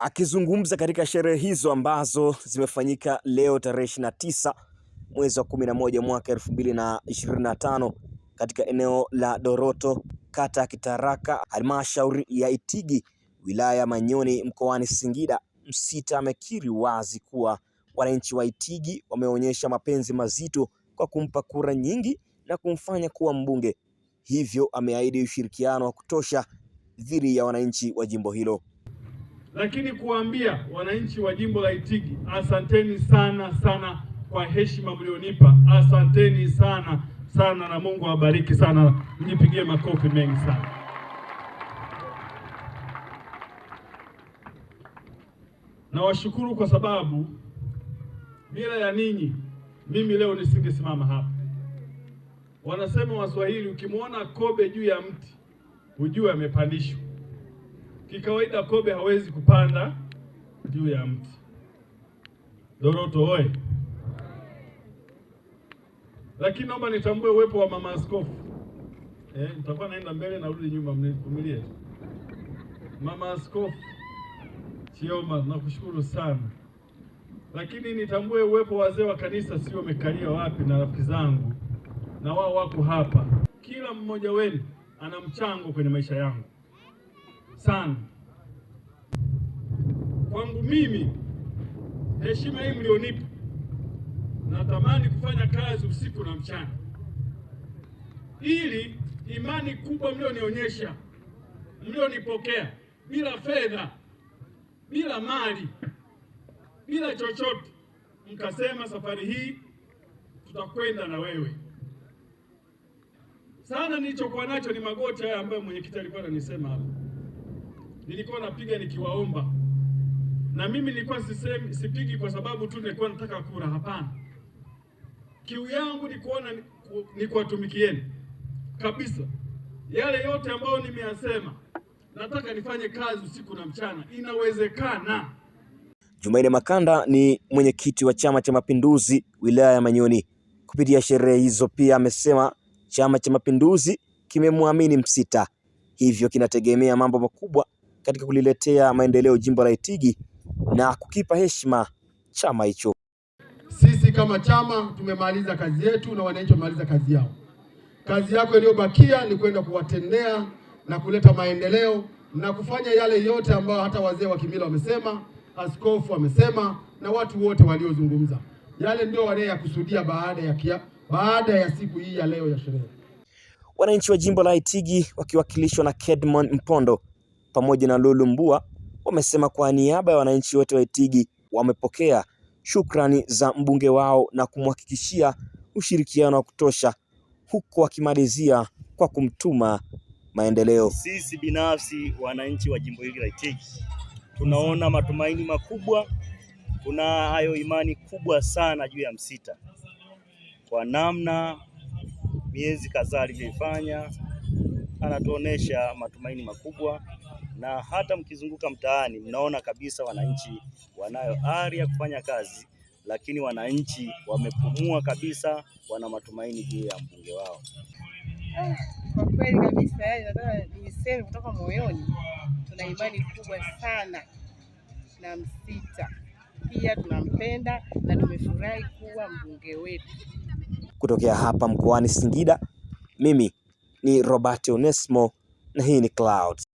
Akizungumza katika sherehe hizo ambazo zimefanyika leo tarehe 29 mwezi wa 11 mwaka 2025 katika eneo la Doroto, kata ya Kitaraka, halmashauri ya Itigi, wilaya ya Manyoni, mkoani Singida, Msita amekiri wazi kuwa wananchi wa Itigi wameonyesha mapenzi mazito kwa kumpa kura nyingi na kumfanya kuwa mbunge, hivyo ameahidi ushirikiano wa kutosha dhidi ya wananchi wa jimbo hilo lakini kuwaambia wananchi wa jimbo la Itigi, asanteni sana sana kwa heshima mlionipa, asanteni sana sana, na Mungu awabariki sana, mjipigie makofi mengi sana. Nawashukuru kwa sababu bila ya ninyi mimi leo nisingesimama hapa. Wanasema Waswahili, ukimwona kobe juu ya mti ujue amepandishwa. Kikawaida kobe hawezi kupanda juu ya mti. Doroto oye! Lakini naomba nitambue uwepo wa mama askofu. Eh, nitakuwa naenda mbele na rudi nyuma, mnivumilie. Mama askofu Chioma, nakushukuru sana, lakini nitambue uwepo wazee wa kanisa, sio wamekalia wapi, na rafiki zangu na wao wako hapa. Kila mmoja wenu ana mchango kwenye maisha yangu sana. Kwangu mimi, heshima hii mlionipa, natamani kufanya kazi usiku na mchana, ili imani kubwa mlionionyesha, mlionipokea bila fedha, bila mali, bila chochote, mkasema safari hii tutakwenda na wewe sana. Nilichokuwa nacho ni magoti haya ambayo mwenyekiti alikuwa ananisema hapo nilikuwa napiga nikiwaomba, na mimi nilikuwa sisemi, sipigi kwa sababu tu nilikuwa nataka kura. Hapana, kiu yangu ni kuona ni kuwatumikieni kabisa. Yale yote ambayo nimeyasema, nataka nifanye kazi usiku na mchana, inawezekana. jumaine Makanda ni mwenyekiti wa Chama cha Mapinduzi wilaya ya Manyoni. Kupitia sherehe hizo pia amesema Chama cha Mapinduzi kimemwamini Msita, hivyo kinategemea mambo makubwa katika kuliletea maendeleo jimbo la Itigi na kukipa heshima chama hicho. Sisi kama chama tumemaliza kazi yetu na wananchi wamemaliza kazi yao. Kazi yako iliyobakia ni kwenda kuwatendea na kuleta maendeleo na kufanya yale yote ambayo hata wazee wa kimila wamesema, askofu wamesema, na watu wote waliozungumza. Yale ndio wanayoyakusudia baada ya kia, baada ya siku hii ya leo ya sherehe. Wananchi wa jimbo la Itigi wakiwakilishwa na Kedmon Mpondo pamoja na Lulu Mbua wamesema kwa niaba ya wananchi wote wa Itigi wamepokea shukrani za mbunge wao na kumhakikishia ushirikiano wa kutosha, huku wakimalizia kwa kumtuma maendeleo. Sisi binafsi wananchi wa jimbo hili la Itigi tunaona matumaini makubwa, tunayo imani kubwa sana juu ya Msita kwa namna miezi kadhaa alivyoifanya, anatuonesha matumaini makubwa na hata mkizunguka mtaani mnaona kabisa wananchi wanayo ari ya kufanya kazi, lakini wananchi wamepumua kabisa, wana matumaini juu ya mbunge wao. kwa kweli kabisa, yaani nataka niseme kutoka moyoni, tuna imani kubwa sana na Msita, pia tunampenda na tumefurahi kuwa mbunge wetu. Kutokea hapa mkoani Singida, mimi ni Robert Onesmo na hii ni Clouds.